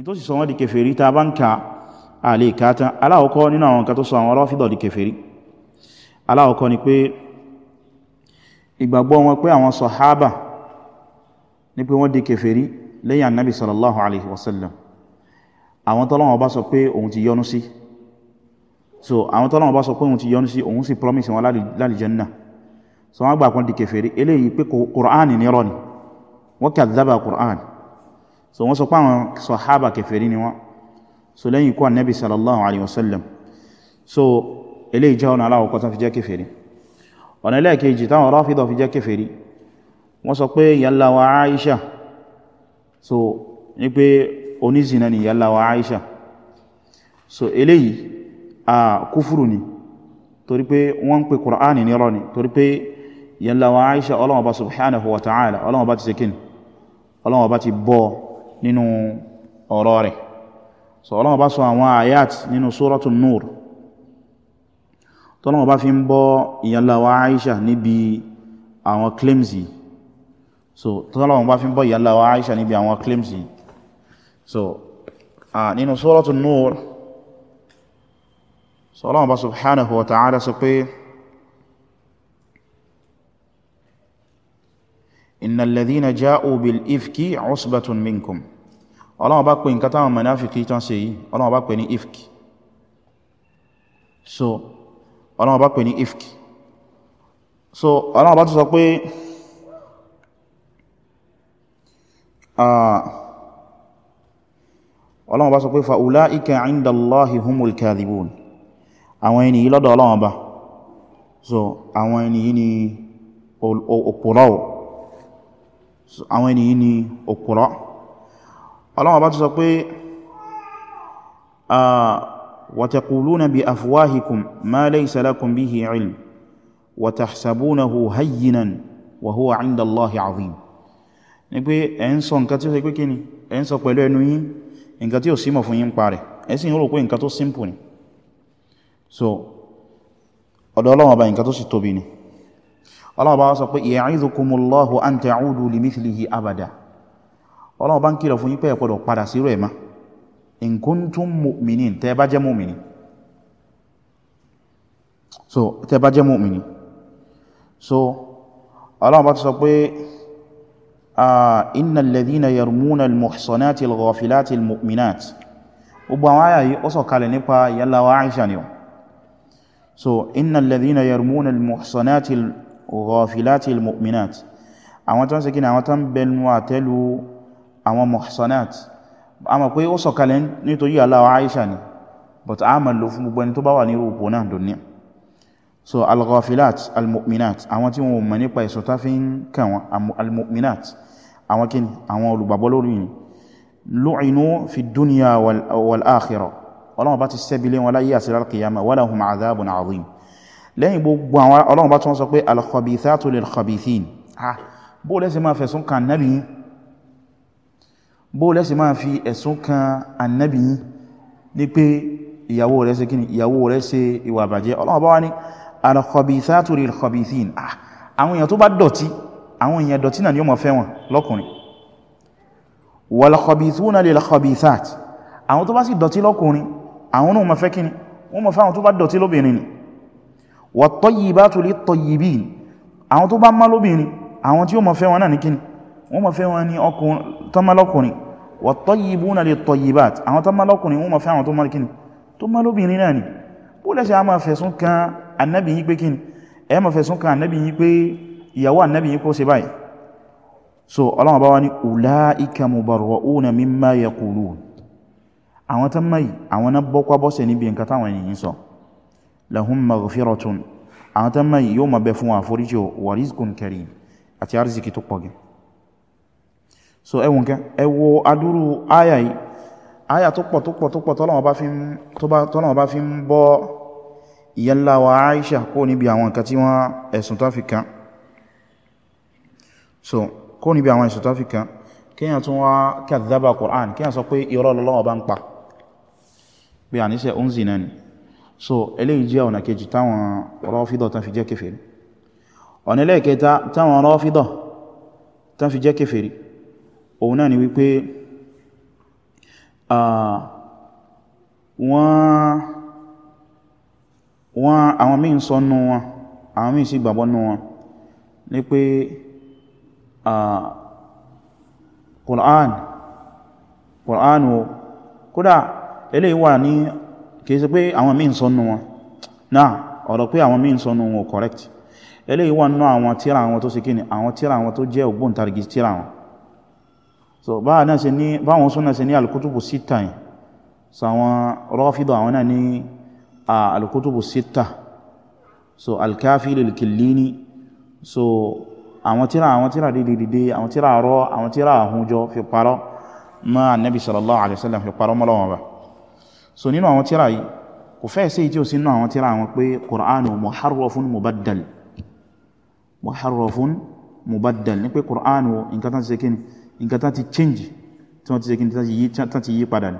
in tó sì sọ wọ́n di kèfèrí ta bá ń ka àlè ìkáta aláwọ̀kọ́ nínú àwọn nǹkan tó sọ àwọn Rāfidah di kèfèrí aláwọ̀kọ́ ni pé ìgbàgbọ́ wọn pé àwọn sàhábà ní pé wọ́n di kèfèrí lẹ́yìn annabi sallallahu alaihi wasallam so àwọn tọ́lọ́wọ́n bá sọ pé òun ti yọ́nú sí òun sì promise wọn lálìjẹ́nà so wọ́n gbà kan di kèfèrí so wọ́n sọ pé àwọn sọ̀hábà kèfèrí ni wọ́n so lẹ́yìn kú annabi sallallahu alaihi wasallam so eléyìí jẹ́ ọ̀nà aláwọ̀kọ́ tán fi jẹ́ kèfèrí ọ̀nà ẹlẹ́ẹ̀kejì táwọn Rāfidah fi jẹ́ kèfèrí wọ́n sọ pé yalla wa Aisha so ní pé onízìnà ni yalla wa Aisha so eléyìí a kúfùrù ni torí pé wọ́n ń pè Kùránì ní ni torí pé yalla wa Aisha Ọlọ́hun subhanahu wa ta'ala Ọlọ́hun Ọba ti sekin Ọlọ́hun Ọba ti bọ́ nínú ọ̀rọ̀ rẹ̀ so Ọlọ́run bá sọ àwọn ayat nínú suratul nur tọ́lọ́run bá fi ń bọ́ ìyànláwà Aisha níbi àwọn claims yìí so tọ́lọ́run bá fi ń bọ́ ìyànláwà Aisha níbi àwọn claims yìí so nínú suratul nur so Ọlọ́run bá subhanahu wa ta'ala sọ pé so, inna alladhina ja'u bil ifki usbatun minkum Ọlọ́run bá pè nǹkan táwọn mùnáfìkí tán ṣe yìí Ọlọ́run bá pè ní ifki so Ọlọ́run bá pè ní ifki so Ọlọ́run bá tó sọ pé Ọlọ́run bá sọ pé fa'ula'ika 'inda Allahi humul kadhibun àwọn ènìyàn lọ́dọ̀ Ọlọ́run bá so àwọn ènìyàn ni òpùrọ́ àwọn ènìyàn ni òpùrọ́ ọlọ́wọ́ bá tó sọ pé wa taquluna bi afwahikum ma laysa lakum bihi ilm wa tahsabunahu hayyinan wa huwa 'inda Allahi 'azim ni pé ẹ̀ ń sọ nǹkan tí ó sọ pé kíni ẹ̀ sọ pẹ̀lú ẹnu yín nǹkan tí ó símọ̀ fún yín parẹ̀ ẹ̀ rò pé nǹkan tó simple ni so ọ̀dọ̀ Ọlọ́run ọba nǹkan tó sì tóbi ni ọlọ́ọ̀bá sọ pé ya'izukumullahu an ta'udu limithlihi abada ọlọ́ọ̀bá ń kìlọ̀ fún yín pé ẹ gbọ́dọ̀ padà sí bá jẹ́ so tẹ́ bá so ọlọ́ọ̀bá sọ pé innal ladhina yarmuna al-muhsanati al-ghafilati al-mu'minat gbogbo àwọn àyà yìí ó sọ̀kalẹ̀ nípa yàlá wa Aisha ni so innal ladhina yarmuna al-muhsanati al ghafilati al-mu'minat àwọn tó ń ṣe kí ni àwọn tó ń bẹnu àtẹ́lu àwọn muhsanat a mọ̀ pé ó sọ̀kalẹ̀ nítorí aláwọ̀ Aisha ni but a mọ̀ lò fún gbogbo ẹni tó bá wà ní rúpò náà dùnní so al-ghafilat al-mu'minat àwọn tí wọ́n mọ̀ nípa ìsọ̀tá fi ń kàn wọn al-mu'minat àwọn kí ni àwọn olùgbàgbọ́ ni lu'inu fi dunya wal-akhirah ọlọ́wọ́ bá ti sẹ́bi lé wọn láyé àti lálkìyàmà walahum adhabun adhim lẹ́yìn gbogbo àwọn Ọlọ́run bá tún sọ pé al-khabithatu lil-khabithin ha ah, bó lẹ́sẹ̀ máa fẹ̀sùn kan annabi yìí bó lẹ́sẹ̀ máa fi ẹ̀sùn kan annabi yìí ní pé ìyàwó rẹ̀ ṣe kíni ìyàwó rẹ̀ ṣe ìwà àbàjẹ́ Ọlọ́run bá wá ní al-khabithatu lil-khabithin ah àwọn èèyàn tó bá dọ̀tí àwọn èèyàn dọ̀tí náà wattayibatu lit-tayyibin àwọn tó bá má lóbìnrin àwọn tí ó máa fẹ́ wọn náà ní kíni wọ́n máa fẹ́ wọn ní tọ́mọlọ́kùnrin wattayibuna lit-tayyibat àwọn tọ́mọlọ́kùnrin wọ́n máa fẹ́ àwọn tó má kíni tó má lóbìnrin náà ni bó lẹ́ṣẹ́ a máa fẹ̀sùn kan annabi yí pé kíni ẹ máa fẹ̀sùn kan annabi yí pé ìyàwó annabi yí ní lahum maghfiratun àwọn tán máa yóò máa bẹ fún àforíjì wa rizqun karim àti arziki tó pọ̀gẹ̀ so ẹwùn kẹ ẹwọ adúrú àyà yìí àyà tó pọ̀ tó pọ̀ tó pọ̀ tọ́lọ̀wọ̀ bá fi ń bọ́ ìyẹ́lá wa Aisha kó níbi àwọn nǹkan tí wọ́n ẹ̀sùn tó fi kàn so kó níbi àwọn ẹ̀sùn tó fi kàn kíyàn tún wá kadhaba Qur'an kíyàn sọ pé irọ́ bá ń pa pé àníṣẹ́ oúnjẹ náà so eléyìí jẹ́ ọ̀nà kejì táwọn rọ́fídọ̀ tán fi jẹ́ kèfèrí ọ̀nà ẹlẹ́ẹ̀kẹta táwọn rọ́fídọ̀ tán fi jẹ́ kèfèrí òun náà ni wípé wọ́n àwọn míì sọ nú wọn àwọn míì sì gbàgbọ́ nú wọn ní pé Qur'an Qur'an kódà eléyìí wà ní kìí ṣe pé àwọn míì sọ́nù wọn náà ọ̀rọ̀ pé àwọn míì sọ́nù wọn correct eléyìí wọ́n ná àwọn tíra àwọn tó ṣe kíni àwọn tíra àwọn tó jẹ́ ògbóǹtarìgì tíra wọn so báwọn náà ṣe ní báwọn sọ́nà yìí so àwọn rọ́fídọ̀ àwọn náà ní alkutubu sita so alkafi lilkilini so àwọn tíra àwọn tíra dídídídé àwọn tíra rọ àwọn tíra àhúnjọ fi parọ́ ma annabi sallallahu alaihi wasallam fi parọ́ mọ́lọ́wọ́n ba so nínú àwọn tírà yìí kò fẹ́ sí tí ó sí nínú àwọn tírà wọn pé Qur'anu muharrafun mubaddal muharrafun mubaddal ní pé Qur'anu nǹkan tán change tí wọ́n ti sekin tán ti yí padà ní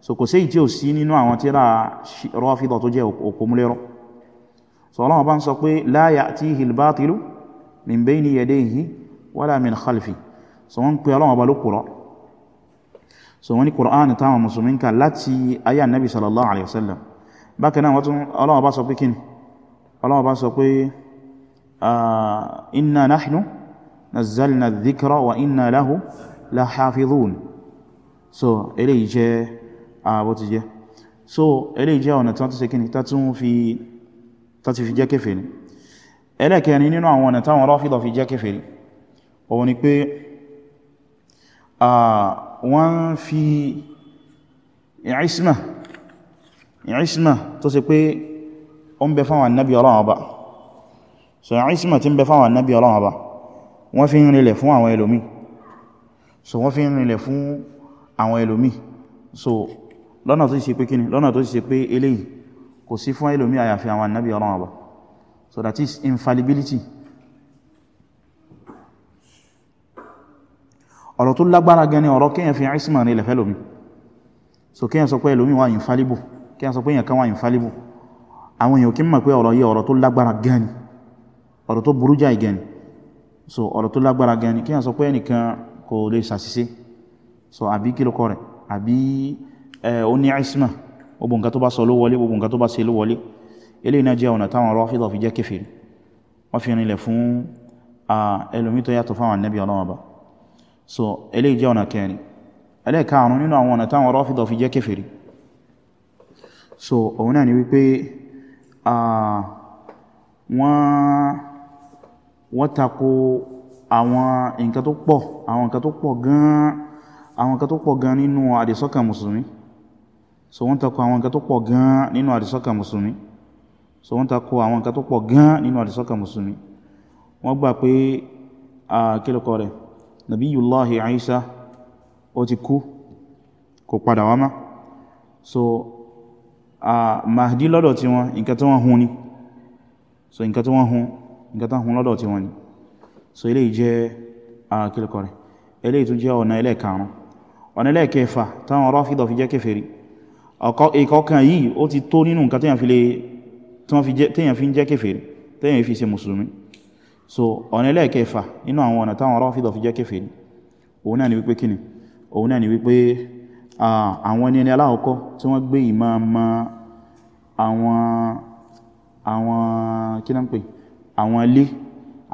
so kò sí tí ó sí nínú àwọn tírà Rāfidah tó jẹ́ òkúmúlérọ́ so Allah bá ń sọ pé lā so wọ́n ní Qur'an táwọn musulmi ká láti ayé annabi sallallahu alaihi wasallam bákan náà wọ́n Ọlọ́hun bá sọ pé kíni Ọlọ́hun bá sọ pé inna nahnu nazzalna dhikra wa inna lahu la hafidhun so eléyìí jẹ́ ààbò jẹ́ so eléyìí jẹ́ ọ̀nà tán fi jẹ́ kèfèrí ẹlẹ́kẹ̀ẹ́ni nínú àwọn ọ̀nà táwọn Rāfidah wọ́n fi ìrísímà ìrísímà tó ṣe pé ó ń bẹ fáwọn annabi ọlọ́wọ́ bá so ìrísímà tí ń bẹ fáwọn annabi ọlọ́wọ́ bá wọ́n fi ń rinlẹ̀ fún àwọn ẹlòmí so wọ́n fi ń rinlẹ̀ fún àwọn ẹlòmí so lọ́nà tó ṣe pé kíni lọ́nà tó ṣe pé eléyìí kò sí fún ẹlòmí àyàfi àwọn annabi ọlọ́wọ́ bá so that is infallibility ọ̀rọ̀ tó lágbára gan ni ọ̀rọ̀ kíyàn fi isma ní ilẹ̀fẹ́ lómi so kíyàn sọ pé lómi wà infallible kíyàn sọ pé yàn kan wà infallible àwọn èèyàn kí mọ̀ pé ọ̀rọ̀ yìí ọ̀rọ̀ tó lágbára gan ni ọ̀rọ̀ tó burú jáì gan ni so ọ̀rọ̀ tó lágbára gan ni kíyàn sọ pé ẹnìkan kò lè ṣàṣìṣe so àbí kílùkọ rẹ̀ àbí ó ní isma gbogbo nǹkan tó bá sọ ló wọlé so eléyìí jẹ́ ọ̀nà kẹrin ẹlẹ́ẹ̀kaàrún nínú àwọn ọ̀nà táwọn Rāfidah fi jẹ́ kèfèrí so òun náà ni wípé wọ́n tako àwọn nǹkan tó pọ̀ àwọn nǹkan tó pọ̀ gan àwọn nǹkan tó pọ̀ gan nínú àdìsọ́kàn mùsùlùmí so wọ́n tako àwọn nǹkan tó pọ̀ gan nínú àdìsọ́kàn mùsùlùmí so wọ́n tako àwọn nǹkan tó pọ̀ gan nínú àdìsọ́kàn mùsùlùmí wọ́n gbà pé kílùkọ rẹ̀ nabiyullahi Isa ó ti kú kò padà wá má so a Mahdi lọ́dọ̀ tí wọ́n nǹkan tí wọ́n hun ni so nǹkan tí wọ́n hun nǹkan tí hun lọ́dọ̀ tí wọ́n ni so ilé jẹ́ àkílùkọ rẹ̀ ilé tó jẹ́ ọ̀nà ilẹ̀ karùn ọ̀nà ilẹ̀ kẹfà táwọn Rāfidah fi jẹ́ kèfèrí ìkọ̀kan yìí ó ti tó nínú nǹkan téèyàn fi ń jẹ́ kèfèrí téèyàn fi ṣe mùsùlùmí so ọ̀nà ẹlẹ́ẹ̀kẹfà nínú àwọn ọ̀nà táwọn Rāfidah fi jẹ́ kèfèrí òun náà ni wípé kíni òun náà ni wípé àwọn ẹni ẹni aláhọ́kọ́ tí wọ́n gbé ìmá ma àwọn àwọn kíná pè àwọn ilé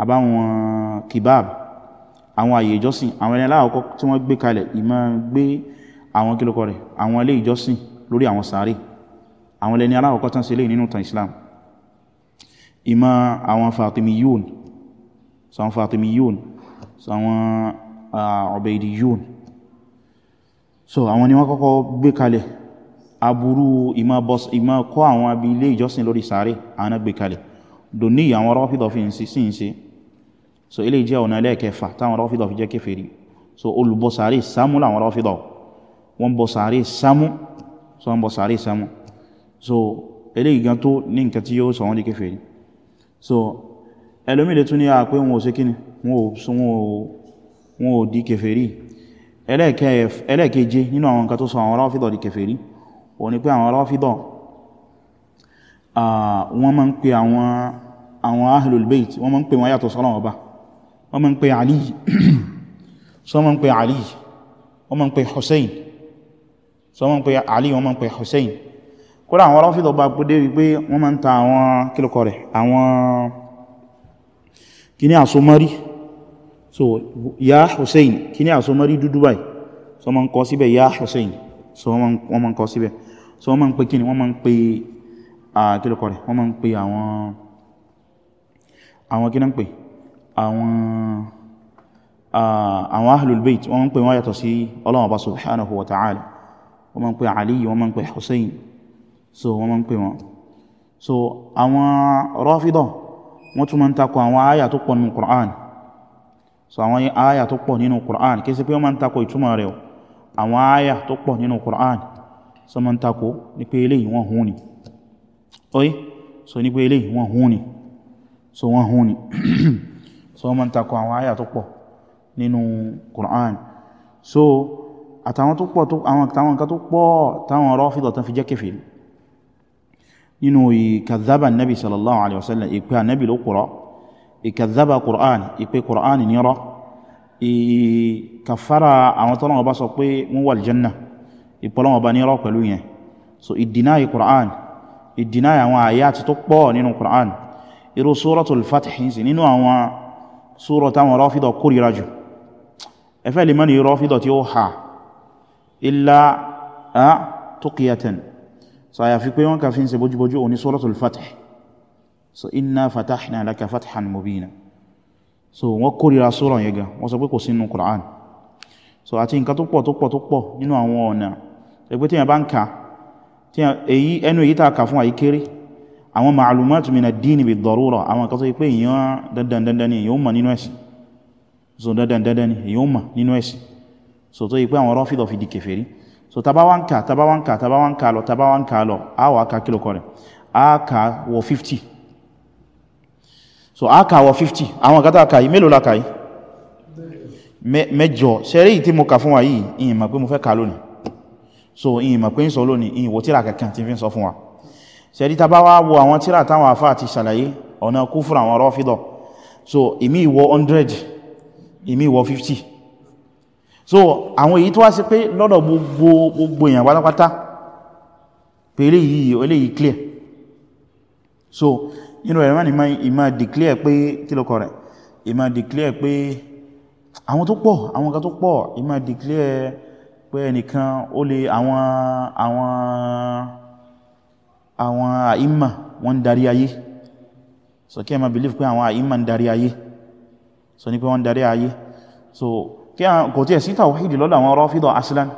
àbáwọn kìbáàb àwọn àyè ìjọsìn àwọn ẹni aláhọ́kọ́ tí wọ́n gbé kalẹ̀ ìmá gbé àwọn kílùkọ rẹ̀ àwọn ilé ìjọsìn lórí àwọn sàárè àwọn ẹni aláhọ́kọ́ tán ṣe lè nínú tan Islam ìmá àwọn Fatimiyun sàwọn fatimiyun sàwọn ah, ubaydiyun so àwọn ni wọ́n kọ́kọ́ gbé kalẹ̀ aburú ìmá kọ́ àwọn abi ilé ìjọsìn lórí sàárè àwọn gbé kalẹ̀ dò ní àwọn rọ́fídọ̀ fi ń sí sí ń sí so ilé jẹ́ ọ̀nà ẹlẹ́ẹ̀kẹfà táwọn rọ́fídọ̀ fi jẹ́ kéfèrí so olùbọ sàárè sámú láwọn rọ́fídọ̀ wọ́n bọ sàárè sámú so wọ́n bọ so ilé ìgan tó ní nǹkan tí yóò sọ wọ́n di kéfèrí so ẹlòmí lè tún ní àpé wọn ò ṣe kíni wọn ò di kèfèrí ẹlẹ́ẹ̀keje nínú àwọn nǹkan tó sọ àwọn Rāfidah di kèfèrí o ní pé àwọn Rāfidah wọ́n máa ń pè àwọn Ahlul Bayt wọ́n máa ń pè wọ́n yàtọ̀ sọ́lọ́wọ́ bá wọ́n máa ń pè Ali so wọ́n máa ń pè Ali wọ́n máa ń pè Hussein so wọ́n kíní àsomọ́rí so ya Hussein kíní àsomọ́rí dúdú báyìí so wọ́n ma ń kọ síbẹ̀ ya Hussein so wọ́n ma ń kọ síbẹ̀ so wọ́n ma ń pe kíní wọ́n ma ń pe àkílùkọ rẹ̀ wọ́n ma ń pe àwọn àwọn kíní ń pe àwọn àwọn ahlul bayt wọ́n ma ń pe wọ́n yàtọ̀ sí Ọlọ́hun subhanahu wa ta'ala wọ́n ma ń pe Ali wọ́n ma ń pe Hussein so wọ́n ma ń pe wọn so àwọn Rafida wọ́n tún ma ń takò àwọn àyà tó pọ̀ nínú Qur'an so àwọn àyà tó pọ̀ nínú Qur'an kìí ṣe pé wọ́n ma ń takò ìtumọ̀ rẹ̀ àwọn àyà tó pọ̀ nínú Qur'an so ma ń takò ní pé eléyìí wọ́n hún ni oye so ní pé eléyìí wọ́n hún ni so wọ́n hún ni so wọ́n ma ń takò àwọn àyà tó pọ̀ nínú Qur'an so àtàwọn tó pọ̀ táwọn Rāfidah tán fi jẹ́ kèfèrí nínú ìkàzába nabi sallallahu alaihi wasallam ìpé ànábì ló kúrọ ìkàzába qur'an ìpé qur'an nírọ ìkàfàrà àwọn tọ́lọ́wọ́ bá sọ pé wọ́n wà aljanna ìpọ́lọ́wọ́ bá nírọ pẹ̀lú yẹn so ìdínáyì qur'an ìdínáyì àwọn àyàtì tó pọ̀ nínú qur'an irú suratul fatihin sí nínú àwọn súrọ̀ táwọn rọ́fídọ̀ kórìíra jù ẹfẹ́ lè mọ́ ni rọ́fídọ̀ tí ó ha illa a tuqiyatan so àyàfi pé wọ́n kàfí ń ṣe bójúbójú òní suratul fath so inna fatahna laka fathan mubina so wọ́n kórìíra sura yẹn gan wọ́n sọ pé kò sínú Qur'an so àti nǹkan tó pọ̀ tó pọ̀ tó pọ̀ nínú àwọn ọ̀nà ẹgbẹ́ tí yẹn bá ń ka èyí ẹnu èyí tá a kà fún àyí kéré àwọn ma'lumat min ad-din bid-darura àwọn nǹkan tó yí pé èyàn dandan dandan ni èyàn mọ̀ nínú ẹ̀sìn so dandan dandan ni èyàn ó mọ̀ tó yí pé àwọn Rafida fi di kèfèrí so tàbá wá ń kà tàbá wá ń kà tàbá wá ń kà lọ tàbá a wà ká kílò kọrẹ̀ a kà wọ 50 so a kà wọ 50 àwọn kátà kà yìí mélòó la kà yìí mẹ́jọ sẹ́rí tí mo kà fún wa yìí ìyìn mọ̀ pé mo fẹ́ kà lónìí so ìyìn mọ̀ pé ń sọ lónìí ìyìn wò tíra kankan tí fi ń sọ fún wa sẹ́rí tàbá wá wo àwọn tíra táwọn afá àti ṣàlàyé ọ̀nà kúfùrù àwọn rọ́fídọ̀ so ìmí ìwọ hundred ìmí ìwọ fifty so àwọn èyí tó wá sí pé lọ́dọ̀ gbogbo gbogbo èèyàn pátápátá pé eléyìí eléyìí clear so nínú ẹ̀rọ mẹ́rin ìmá declare pé kílọ́kọ̀ rẹ̀ ìmá declare pé àwọn tó pọ̀ àwọn kan tó pọ̀ ìmá declare pé ẹnìkan ó lè àwọn àwọn àwọn àìmà wọ́n ń darí ayé so kí ẹ ma believe pé àwọn àìmà ń darí ayé so ní pé wọ́n ń darí ayé so tí a kò tí ẹ̀ sí tàwàhídì lọ́dọ̀ àwọn Rāfidah aslan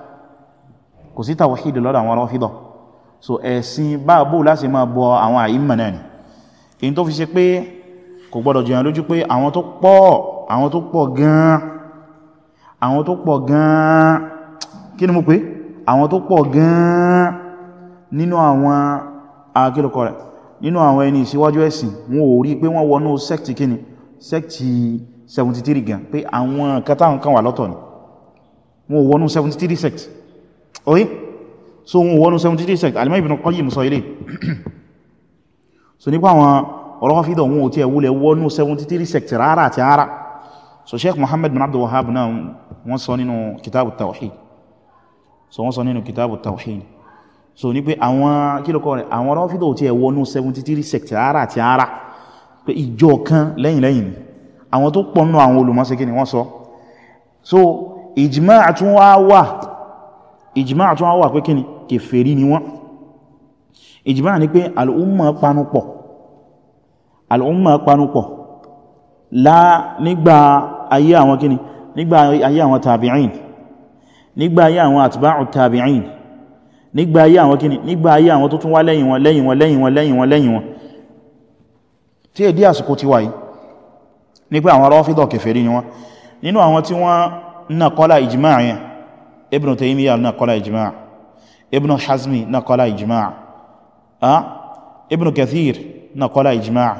kò sí tàwàhídì lọ́dọ̀ àwọn Rāfidah so ẹ̀sìn báàbò láti máa bọ àwọn àìmọ̀ náà ni èyí tó fi ṣe pé kò gbọdọ̀ jìyàn lójú pé àwọn tó pọ̀ àwọn tó pọ̀ gan àwọn tó pọ̀ gan kí ni mo pé àwọn tó pọ̀ gan nínú àwọn akílùkọ rẹ̀ nínú àwọn ẹni ìṣíwájú ẹ̀sìn wọn ò rí pé wọ́n wọnú sẹ́kì kíni sẹ́kì 73 gan pé àwọn kátàwọn kan wà lọ́tọ̀ ni wọ́n wọnú 73 sect oye so wọ́n wọnú 73 sect alimọ́ Ibn Qayyim sọ ilé so nípa àwọn ọ̀rọ̀ fídọ̀ wọn ò tí ẹwúlẹ̀ wọnú 73 sect rárá àti rárá so Sheikh Muhammad bin Abdul Wahhab náà wọ́n sọ nínú kitabu tawhid so wọ́n sọ nínú kitabu tawhid so ní pé àwọn kílọ̀kọ́ rẹ̀ àwọn ọ̀rọ̀ fídọ̀ ò tí ẹwọnú 73 sect rárá àti rárá pé ìjọ kan lẹ́yìn lẹ́yìn ni àwọn tó pọ̀ nínú àwọn olùmọ́síkí ni wọ́n sọ so ìjìmá àtún wá wà ìjìmá àtún wá wà pé kíni kèfèrí ni wọ́n ìjìmá ni pé al'umma panupọ̀ al'umma panupọ̀ lá nígbà ayé àwọn kíni nígbà ayé àwọn tàbí'in nígbà ayé àwọn àtìbá'ù tàbí'in nígbà ayé àwọn kíni nígbà ayé àwọn tó tún wá lẹ́yìn wọn lẹ́yìn wọn lẹ́yìn wọn lẹ́yìn wọn lẹ́yìn wọn tí èdè àsìkò ti wáyìí ní pé àwọn Rāfidah kèfèrí ni wọ́n nínú àwọn tí wọ́n nàkọ́lá ìjìmáà yẹn Ibn Taymiyyah nàkọ́lá ìjìmáà Ibn Hazmi nàkọ́lá ìjìmáà Ibn Kathir nàkọ́lá ìjìmáà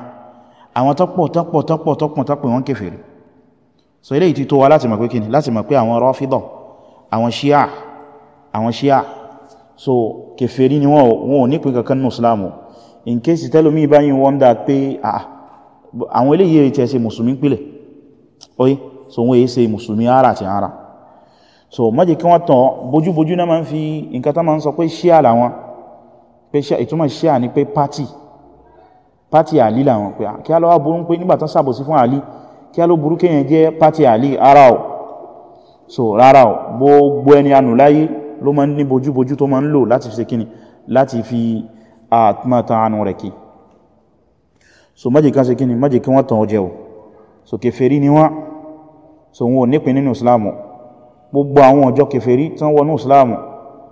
àwọn tọ́pọ̀ tọ́pọ̀ tọ́pọ̀ tọ́pọ̀ tọ́pọ̀ so ilé ìtí tó wá láti mọ̀ pé kíni láti mọ̀ pé so kèfèrí ni wọ́n wọn ò nípin kankan nù Islamu in case tẹ́lómi báyìí wọ́n àwọn eléyìí tẹ́ ṣe mùsùlùmí pìlẹ̀ oye so wọ́n èé ṣe mùsùlùmí ara àti ara so mọ́jẹ̀ kí wọ́n tàn bójúbójú náà ma ń fi nǹkan tán ma ń sọ pé ṣíà làwọn pé ìtumọ̀ ṣíà ni pé pátì pátì àlì làwọn pé kí a lọ wá burú pé nígbà tán sàbòsí fún àlì kí a ló burú kéèyàn jẹ́ pátì àlì ara ọ̀ so rárá ọ̀ gbogbo ẹni anù láyé ló ma ń ní bójúbójú tó ma ń lò láti fi ṣe kíni láti fi àtúmọ̀tán anù rẹ̀ kìí so májì kan ṣe kíni májì kí wọ́n tàn ọjẹ́ o so kèfèrí ni wọ́n so wọn ò nípin nínú islamu gbogbo àwọn ọjọ́ kèfèrí tán wọnú islamu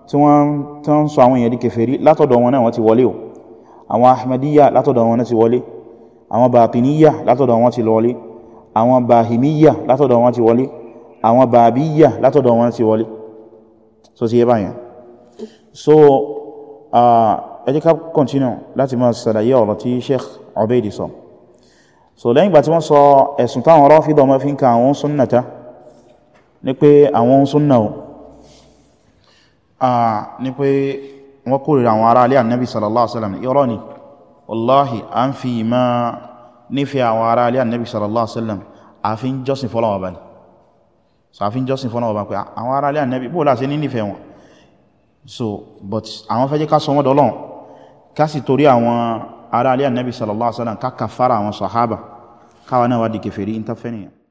tí wọ́n tán sọ àwọn èèyàn di kèfèrí látọ̀dọ̀ wọn náà wọ́n ti wọlé o àwọn ahmadiyya látọ̀dọ̀ wọn ti wọlé àwọn batiniyya látọ̀dọ̀ wọn ti wọlé àwọn bahimiyya látọ̀dọ̀ wọn ti wọlé àwọn babiyya látọ̀dọ̀ wọn ti wọlé so ti yẹ báyẹn so ah, ẹ jẹ́ ká continue láti máa ṣàlàyé ọ̀rọ̀ tí sheikh Ubaydi sọ so lẹ́yìn ìgbà tí wọ́n sọ ẹ̀sùn táwọn Rāfidah máa fi ń ka àwọn súnnàtá ní pé àwọn súnnà o ní pé wọ́n kórìíra àwọn ará alẹ́ Ànábì sallallahu alaihi wasallam irọ́ ni wallahi a ń fi ìmá nífẹ́ àwọn ará so àfin jọ́sìn fọ́lọ́wọ́ bá pé àwọn ará alẹ́ Ànábì bóòlá sí so but àwọn fẹ́ jẹ́ ká sọ wọ́n dọ́lọ́n ara ali annabi sallallahu alaihi wasallam ká kàfàrà wa sahaba káwọn náà wá di kèfèrí